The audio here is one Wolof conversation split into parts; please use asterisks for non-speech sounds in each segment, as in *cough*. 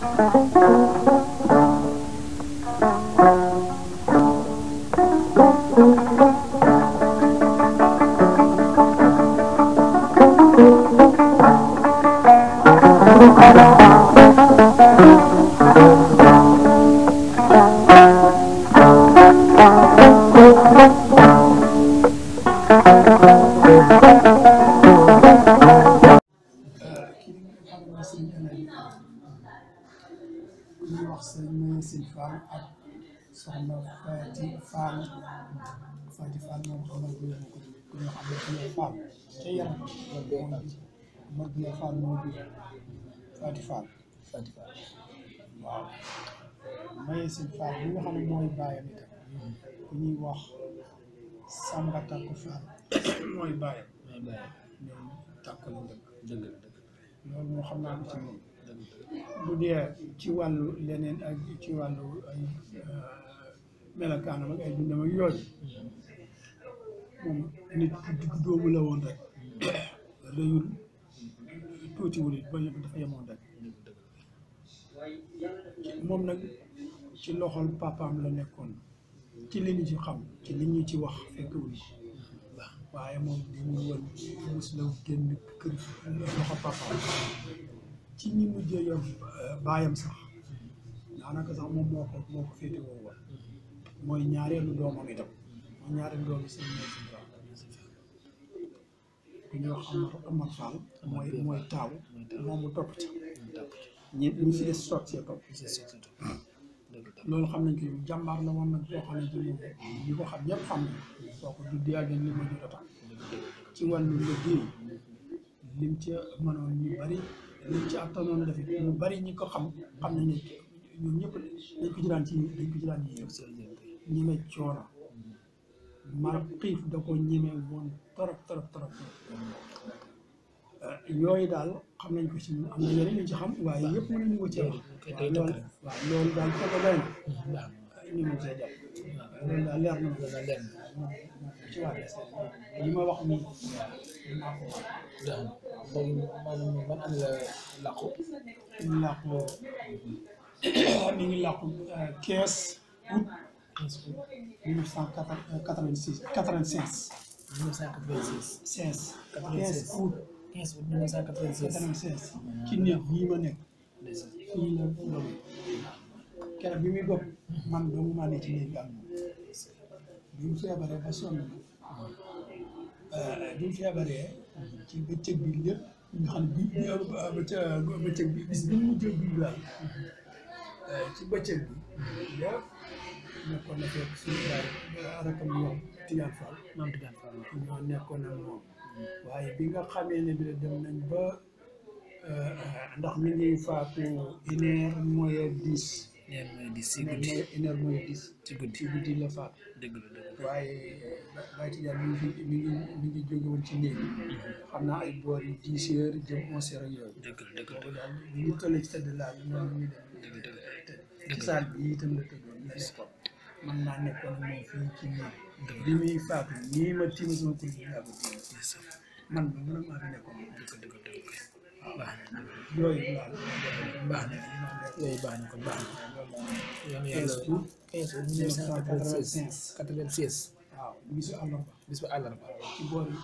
Thank you. Mayasin Fall ak soxna Faati Fall Faati Fall moom soxna bu ñu ko ku ñu xam ne Guèye Fall ca yaram ma Guèye Fall moo jur Faati Fall Faati Fall waaw Mayasin Fall bi nga xam ne mooy bàyyam ku ñuy wax Samba Takku Fall mooy bàyyam mooy bàyyam ñoom takku la dëgg xam naa ko ci moom bu dee ci wàllu leneen ak ci wàllu ay euh, melokaanam ak ay dundam ak yooyu nit ku digg doomu la woon rek *coughs* rëyul tuutiwul it ba dafa yemoon rek moom nag ci loxol papaam la nekkoon ci li ñu ci xam ci li ñu ci wax fekkewul waaye moom dañuy woon mos la génn kër loxo papaam ci ñi mujjee yor euh, baayam sax daanaka sax moom moo ko moo ko féete woo mooy ñaareelu doomam itam mooy ñaareelu doomu sëñ bi ñoo xam Amar taaw moom mu topp ci ñi ñu si des soog see topp loolu xam nañ ko yow jàmbaar la woon nag boo xam ne ci ko xam ñëpp xam ne soo ko judd yàgg li ma jot a ci lim ca mënoon ñu bari liñ ci àttanoon def ñu bari ñi ko xam xam nañ ne ñoom ñëpp dañ ko ñi ci dañ ko jëlaan ci ñeme coono mar xiif da ko ñeme woon torop torop torop euh, yooyu daal xam nañ ko ci am na yeneen ñu ci xam waaye yëpp mënuñu ko cee wax waaw daal foofu doy na ñu mën cee jàpp loolu daal leer na loolu daal leer na ci waa DSTV li ma wax nii dinaa ko wax. léegi man man am la làqu. làqu mi ngi làqu 15 août. 15 août 1986 96. 1996. 16. 96 15 août. 15 août 1996. 96 ci néew yi ma nekk. fii la keroog bi muy bopp man dong maa ne ci néeg bi ak feebaree ba sonn bi mu ci bëccëg bi lépp nga xam bi bëccëg bi bis bi mu jël bi daal ci bëccëg bi lépp nekkoon na fekk suñu daal rakam moom Tidiane Fall maam Tidiane Fall ñoo nekkoon ak moom waaye bi nga xamee ne bi la dem nañ ba ndax mi ngi faatu une heure moins dix une heure mooy dix si guddi une heure mooy dix si waaye Baye Tidiane mi ngi mi ci néeg xam na ay boor yi dix heures jëm onze heures yooyu dëgg la dëgg ci tëdd laal noonu ñu dem dëgg saal bi itam la tëddoon la gis ko man naa nekkoon moom fii ci néeg li muy faatu nii ma tiim sama kuréel bi laa ko man ba mën a maa fi yooyu baax na yooyu baax na kon baax na yoon bisu àllarba bisu àllarba ci boori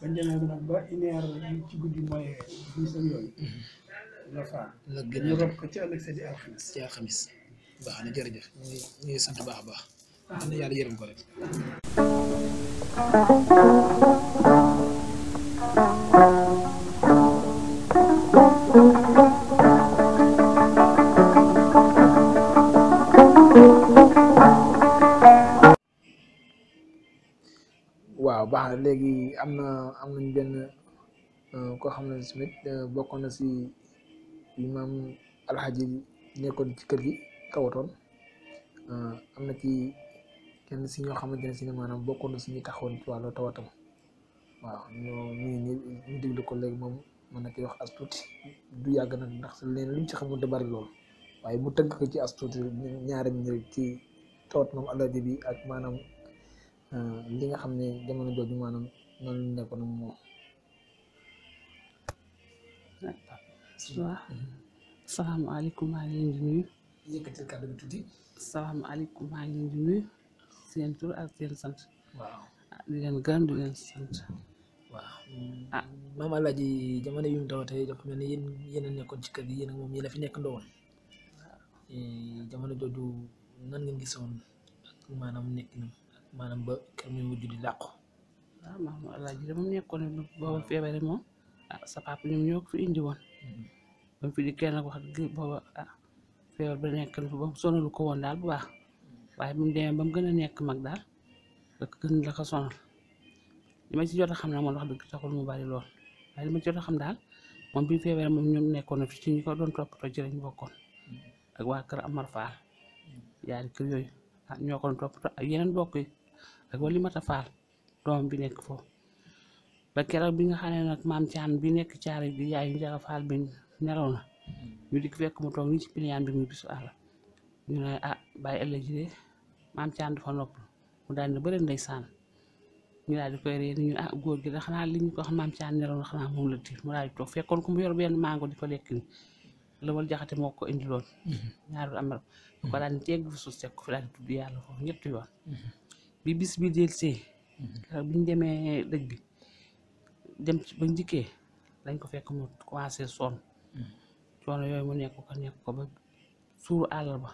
bañ demee ci guddi mooy bisu yooyu ko baax na jërëjëf ñu ngi ñu sant baax a baax am na yàlla ko rek waaw baax léegi am na am ñu benn euh, koo xam ne tamit euh, bokkoon na si imam alxaji nekkoon ci kër gi tawatoon euh, am na ci kenn si ñoo xamante ne si ne maanaam bokkoon na si ñu taxawoon ci wàllu tawatam waaw ñoo ñu ni ñu déglu ko léegi moom mën na ci wax as tuuti du yàgg nag ndax leen luñ ci xamante bari loolu waaye mu tënk ko ci as tuuti ñaari minute ci tawat moom alaaji bi ak maanaam li nga xam ne jamono jooju maanaam noonu la nekkoon moom. salaamaaleykum maa ngi leen di nuyu. yëkkatil kàddu bi tuuti. sant. waaw ah, di leen gërëm di leen sant. waaw ah. jamono yu mu tawatee dafa mel ni yéen yéen a nekkoon kër gi yéen moom yéen a nekk ndowoon eh, jamono jooju nan ngeen gisoon ak maanaam nekk na. maanaam ba kër muy mujj di làqu waaw ah, maam alaaji moom nekkoon ne booba feebare moom ah sa papa ñoom ñoo ko fi indi woon mm-hmm. ba mu wax dëgg booba ah feebar ba nekk na ba mu sonalu ko woon daal bu waax waaye bi mu demee ba mu gën a nekk mag daal la ko gën la ko ma ci jot xam naa moom wax dëgg taxul mu bari lool waaye li ma ci xam daal moom bi feebaree moom ñoom nekkoon na fi ci ñi ko doon toppatoo ci lañ bokkoon mm-hmm. ak waa kër Amar Fall mm-hmm. yaari kër yooyu ah bokk ak wali mata faal doom bi nekk fo ba keroog bi nga xam ne nag maam caan bi nekk caari bi yaayu njaga faal bi nelaw na ñu dikk fekk mu toog nii ci piliyaan bi muy bisu àll ñu ne ah bàyyi nopp mu daal na bëri ndeysaan ñu daal di koy ree ah, góor gi da xanaa li ko wax maam caan nelaw na xanaa moom la tiir mu daal toog fekkoon ko mu yor benn mango di ko lekk la lëwal jaxate moo ko indiloon mhm. ñaarul am na ko daal di tegg yoon mhm. bi bis bi delsee bi ñu demee dëj bi dem ci bañ dikkee dañ ko fekk mu commencé sonn coono yooyu mu nekk ko nekk ko ba suuru àll ba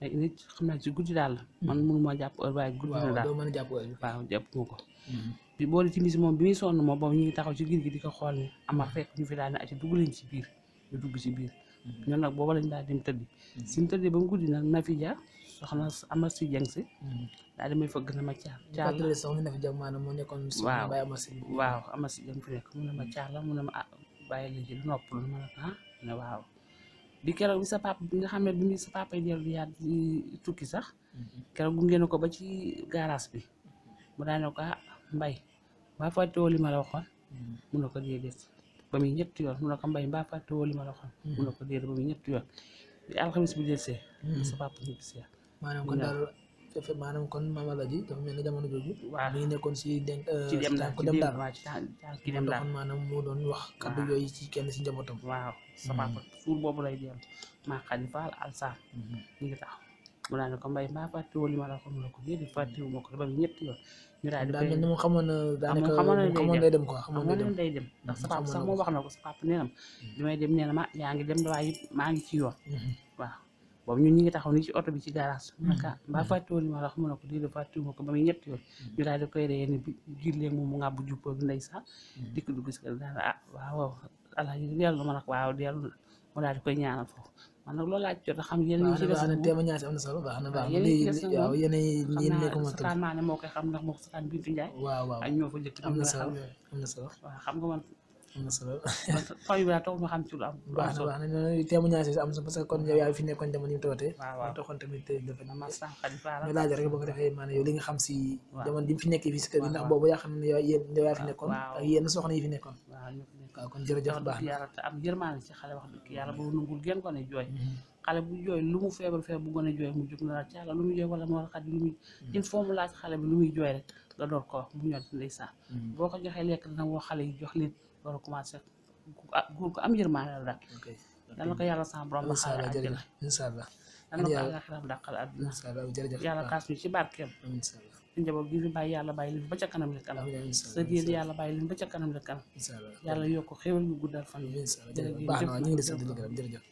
ay nit xam naa ci guddi daal man hmm. mënu ma jàpp heure waaye guddi na daal waaw jàpp ma ko hmm. bi boole ci moom bi muy moom boobu ñu taxaw ci giir gi di ko xool ni ama fekk ñu fi daal ne aci dugg lañ ci biir ñu dugg ci biir hmm. ñoom nag booba lañ daal dem tëddi suñ tëddee ba guddi na fi soxna Amar si Dieng si. Hmm. daal di may fëgg na ma caal. caal la sax moo nekkoon. waaw waaw a si Dieng fi nekk mu ne ma caal la mu ne ma ah bàyyi la ci noppalu ma ah ne bi keroog nga xam ne bi sa papa yi dellu yaa tukki sax. Hmm. keroog gunge na ko ba ci garage bi. mu daan ne ko ah mbay mbaa fàttewoo li ma la waxoon. Hmm. ko déedéet ba muy ñetti yoon mu ne ko mbay mbaa fàttewoo li ma la waxoon. mu ne ko déedéet ba muy ñetti yoon bi alxames bi delsee. sa maanaam kon daal kon maam Alaaji dafa mel ni jamono jooju waaw mi ngi nekkoon si denc euh, ci dem daal ku dem daal waaw ci ki dem doon wax kaddu yooyu ci kenn si njabootam waaw hmm. sa papa suur boobu lay dellu maa xadi faal alsaan hmm. ñu ngi tax mu naan ko mbay mbaa fàtte woon li ma la ko mën a ko ko ba ñetti yoon ñu daal di daal mel ni mu xamoon na daanaka xamoon day dem quoi xamoon day sa hmm, papa wax na ko sa na li may na ma yaa ngi dem waaye maa ngi ci boobu ñun ñi ngi taxaw ni ci oto bi ci garage mm-hmm. naka mbaa fàttewoon ma wax mu ne ko déedéet fàttewuma ko ba muy ñett yoon mm-hmm. ñu daal a koy reyee ni jullee moom mu ngàbb jubboog ndeysaan mm-hmm. dikk dugg si kër daal ah waaw alaaji dellu ma nag waaw dellu mu daal di koy ñaanal foofu man nag loolu a xam yéen ñi ci des moom témoignage am na solo ma sakaan maa ne moo koy xam ndax moo ko Bintu Njaay waaw waaw ak ñoo fa am na solo am xam nga man am na solo fa yu bëri taxul ma xam ci lu am. baax na baax na ñooñu témoignage yi am na parce que kon yow yaa fi nekkoon jamono yi toote. waaw waaw taxoon tamit dafa nekk. man sànq di faral ñu laaj rek boo ko defee maanaam yow li nga xam si. waaw jamono ji fi nekk fii si kër gi ndax boobu yaa xam ne yow yéen yow yaa fi nekkoon. ak yéen soxna yi fi nekkoon. waaw ñu fi nekkoon kon jërëjëf baax na yàlla te am yërmaande ci xale wax dëgg yàlla boobu nangul gën ko ne jooy. xale bu jooy lu mu feebar feebar bu gën a jooy mu jóg na la caala lu muy jooy wala moo xat lu muy il faut mu laaj xale bi lu muy jooy rek nga door ko wax mu ñor ndeysaan boo ko joxee lekk dana woo xale yi jox leen loolu commencé góor gu am yërmande la daal. dal na yàlla sama borom ba xaaral àjjana incha allah na ko àllaxiraam dàqal àdduna yàlla kaas ñu ci barkeem incha allah njaboot gi fi bàyyi yàlla bàyyi leen ba ca kanam la kanam sa géer yàlla bàyyi leen ba ca kanam la kanam yàlla yokk xéwal yu guddal fan yi jërëjëf baax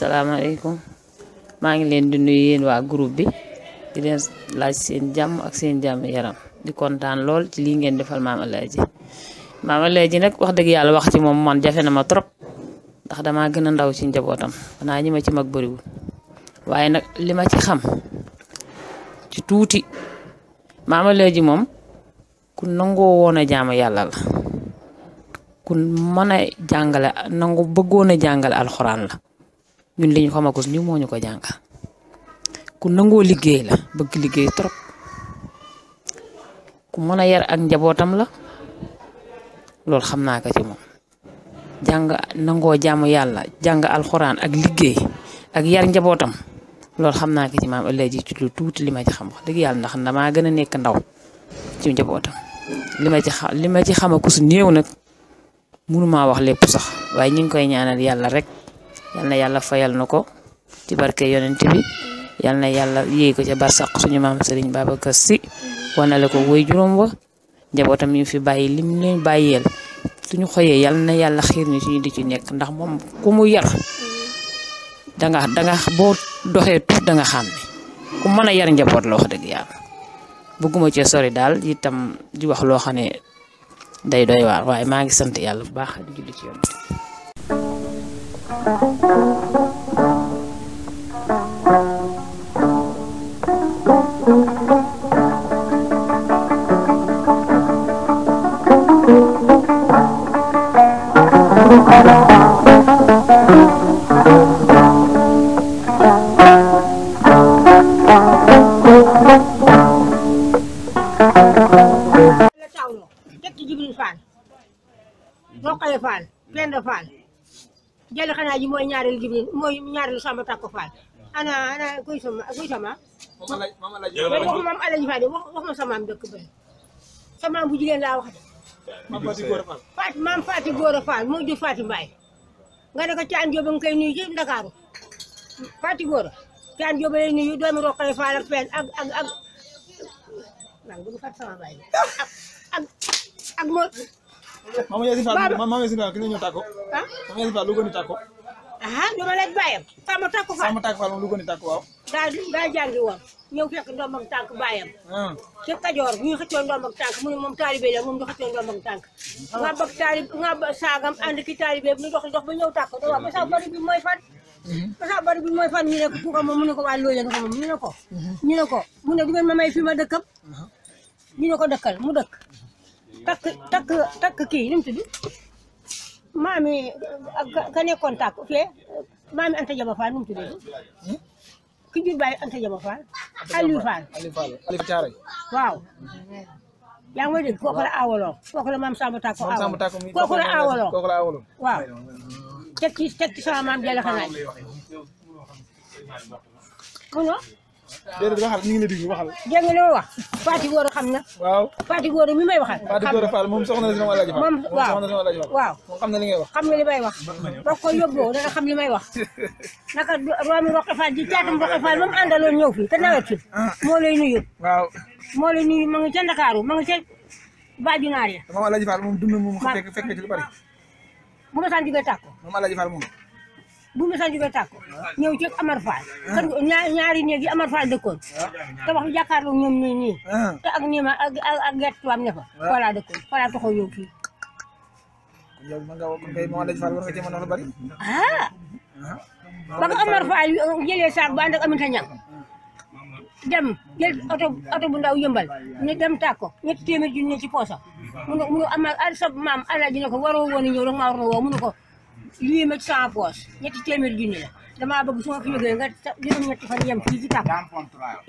salaamaaleykum maa ngi leen di nuyu yéen waa groupe bi di leen laaj seen jàmm ak seen jàmm yaram di kontaan lool ci lii ngeen defal Maam Alaaji Maam Alaaji nag wax dëgg yàlla wax ci moom man jafe na ma trop ndax damaa gën a ndaw ci njabootam xanaa ñi ma ci mag bëriwul waaye nag li ma ci xam ci tuuti Maam moom ku nangoo woon a jaamu yàlla la ku mën a jàngale nangu bëggoon a jàngale alxuraan la. ñun li ñu xamagus nii moo ñu ko jàngal ku nangoo liggéey la bëgg liggéey trop ku mën a yar ak njabootam la loolu xam naa ko ci moom jàng nangoo jaamu yàlla jàng alxuraan ak liggéey ak yar njabootam loolu xam naa ko ci maam ëllëg ji ci li ma ci xam dëgg yàlla ndax damaa gën a nekk ndaw ci njabootam li ma ci xam li ma ci xamagus néew wax lépp sax waaye ñu ngi koy ñaanal yàlla rek. yal na yàlla fayal na ko ci barke yonent bi yal na yàlla yéey ko ca barsàq suñu maam Serigne Babacar si wanale ko woy juróom wa njabootam yi fi bàyyi lim leen bàyyeel suñu xooyee yal na yàlla xiir ñu suñu di ci nekk ndax moom ku mu yar danga danga boo doxee tuut danga xam ne ku mën a yar njaboot la wax dëgg yàlla bëgguma cee sori daal itam di wax loo xam ne day doy waar waaye maa ngi sant yàlla bu baax di julli ci yoon Fall Rokhaya Fall Penda Fall Jello xanaa ji mooy ñaareelu Jibril mooy ñaareelu Samba Tako Fall ana ana kuy sama kuy sama. moom Alaji Faal Alaji Faal waxuma sama am dëkk bëri sama am bu jigéen laa wax. Fatou maam Fatou Gora Fall jur Fatou Mbaye nga de ko Thiane Diop nga koy nuyu ci Ndakaaru Fatou Gora Thiane Diop lay nuyu doomi Roqay Fall ak Pène ak ak Mama Yacine Fall Mama Yacine Fall ki nga ñëw tàkko. ah Mama Yacine Fall lu gën a tàkko. ah du ma lekk bàyyam. Samba tàkko Fall Samba tàkko Fall moom lu gën a tàkko waaw. daa woon ñëw fekk ndoom ak tànk bàyyam. ci Kajoor bu ñu xëccoo ndoom ak tànk mu ne moom taalibe la moom du xëccoo ndoom ak tànk. nga saagam ànd ki taalibe bi dox dox ba ñëw tàkko te ba sax bari bi mooy fan. parce mhm. fan ñu ne ko ku ko moom mu ne ko waa loolu la nga mu mu dëkk takk takk takk kii nu mu tudd maami ka nekkoon tàkk fee maami Anta Jaba Fall nu mu tudd ki jur baay Anta Jaba Fall Aliou Fall waaw yaa ngi may dégg kooku la maam Samba Tako aawaloo kooku la aawaloo waaw teg ci teg maam Jalle xanaa déedéet waxal ñu ngi la déglu waxal. dégg nga li ma wax Fatou Gora xam na. waaw Fatou Gora mi may waxal. xam na Fatou Gora Fall moom soxna si ma laaj. moom waaw moom soxna si ma laaj. waaw moom xam na li may wax. boo ko yóbboo dana xam li may wax. *laughs* naka Romy Roque Fall di caatam Roque Fall moom àndaloon ñëw fii te nawet fii. Ah. moo ma nga ca Ndakaaru ma nga ca Bajinaar ya. te moom Alaaji Fall moom dund moom. fekk fekk ci lu bari. bu ma saan jugee tàkko. moom Alaaji Fall moom. bu mu sanju ba tàkko ñëw ci Amar Fall kan ñaari néeg yi Amar Fall dëkkoon te wax jàkkaarloo ñoom ñii ñii ah. te ak niima ak ak ne fa voilà ah. dëkkoon voilà taxaw yow fii yow a lu bari ah, ah. ba Amar Fall jëlee saak ba ànd ak Aminata dem oto oto bu ndaw yëmbal ne dem tàkko ñetti téeméer ci poosa mu Amar al ne ko waroo woon a ñëw maa war na woo mu ko lii nag sans poche ñetti téeméer junni la damaa bëgg su ma fi jógee nga juróom ñetti fan yem fii ci tàkk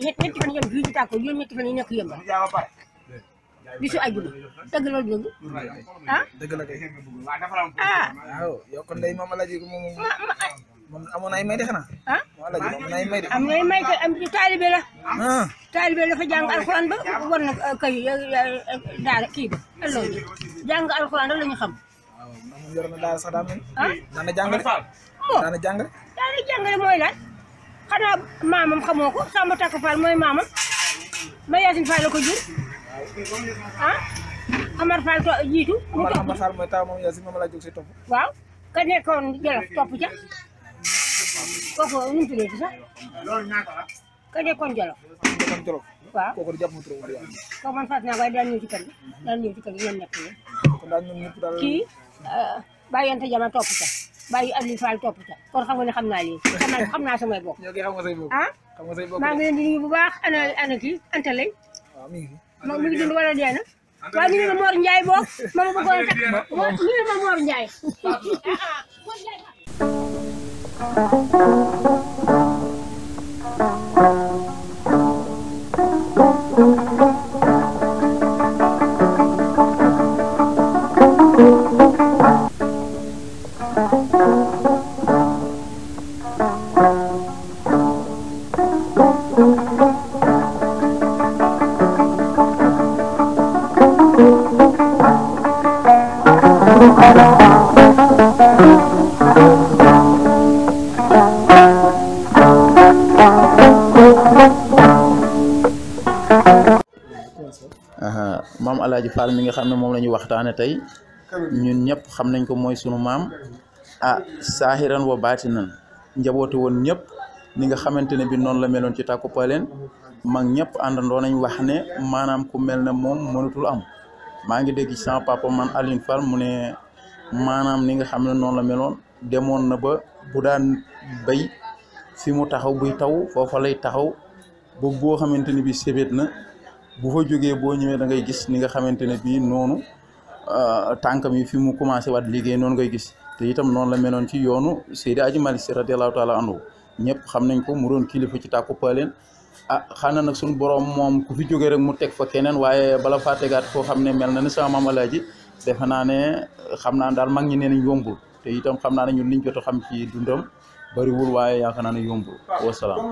ñetti fan yem fii ci tàkk juróom ñetti fan yi nekk yem ba bisu ajuma dëgg la ah? ah. kon day moom alaji ah. moom amoon ay may de aa ah moom ay may de am nay may am taalibe la taalibe la fa jàng alxuraan ba war kay eh, eh, daara kii ba allo alxuraan rek la xam yor na daal sax daa mel. ah daan na jàngale. daan na jàngale. daan na jàngale mooy lan xanaa maamam xamoo ko. Samba Takku Fall mooy maamam ma Yacine Fall la ko jur ah Amar Fall to jiitu. mu topp Amar Fall mooy taw moom Yacine moom laa jóg si topp. waaw ka nekkoon Jolof topp ca kooku nu mu tuddati sax ka nekkoon Jolof. nekkoon Jolof. waaw kooku di jàpp mu turam wala yàlla. kooku man fàttali naa waaye daan ñëw ci kër gi daan ñëw ci kër gi yéen nekk yéen. kon daal ñun ñëpp daal kii. Euh, bàyyi Anta Jama topp ca bàyyi Aliou Fall topp ca kon xam nga ne xam naa lii xam naa xam naa samay bopp. ñoo xam nga say bopp ah. xam nga say bopp maa ngi leen di nuyu bu baax ana ana kii Anta lay. waaw mi ngi moom mi ngi dund wala dee na. waaw ñu ne ma Mor Ndiaye boog ma ma bëggoon a takk ma ñu ne ma Mor Ndiaye. Thank you. mam Alaaji Fall mi nga xam ne moom la ñu waxtaane tey ñun ñëpp xam nañ ko mooy sunu maam ah saahiran wa baatinan njaboote woon ñëpp ni nga xamante ne bi noonu la meloon ci tàkku paleen mag ñëpp àndandoo nañ wax ne maanaam ku mel ne moom mënatul am maa ngi dégg ci sama man alin Fall mu ne maanaam ni nga xam ne noonu la meloon demoon na ba bu daan béy fi mu taxaw buy taw foofa lay taxaw ba boo xamante ni bi sébét na bu fa jógee boo ñëwee da ngay gis ni nga xamante ne bii noonu euh, tànkam yi fi mu commencé waat liggéey noonu ngay gis te itam noonu la meloon ci yoonu Seydi Aji Malick Sy radiyallahu taala anhu ñëpp xam nañ ko mu doon kilifa ci tàkku paaleen ah xanaa nag suñu borom moom ku fi jógee rek mu teg fa keneen waaye bala faa tegaat koo xam ne mel na ne sama maam Alaaji defe naa ne xam naa daal mag ñi nee yombul te itam xam naa ne ñun liñ jot a xam ci dundam bariwul waaye yaakaar naa ne yombul wasalaam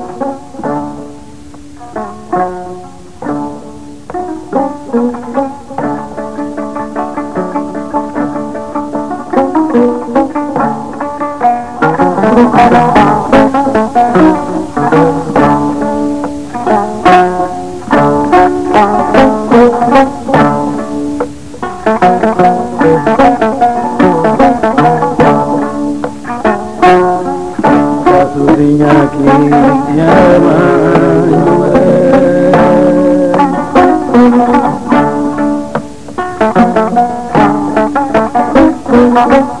Thank you.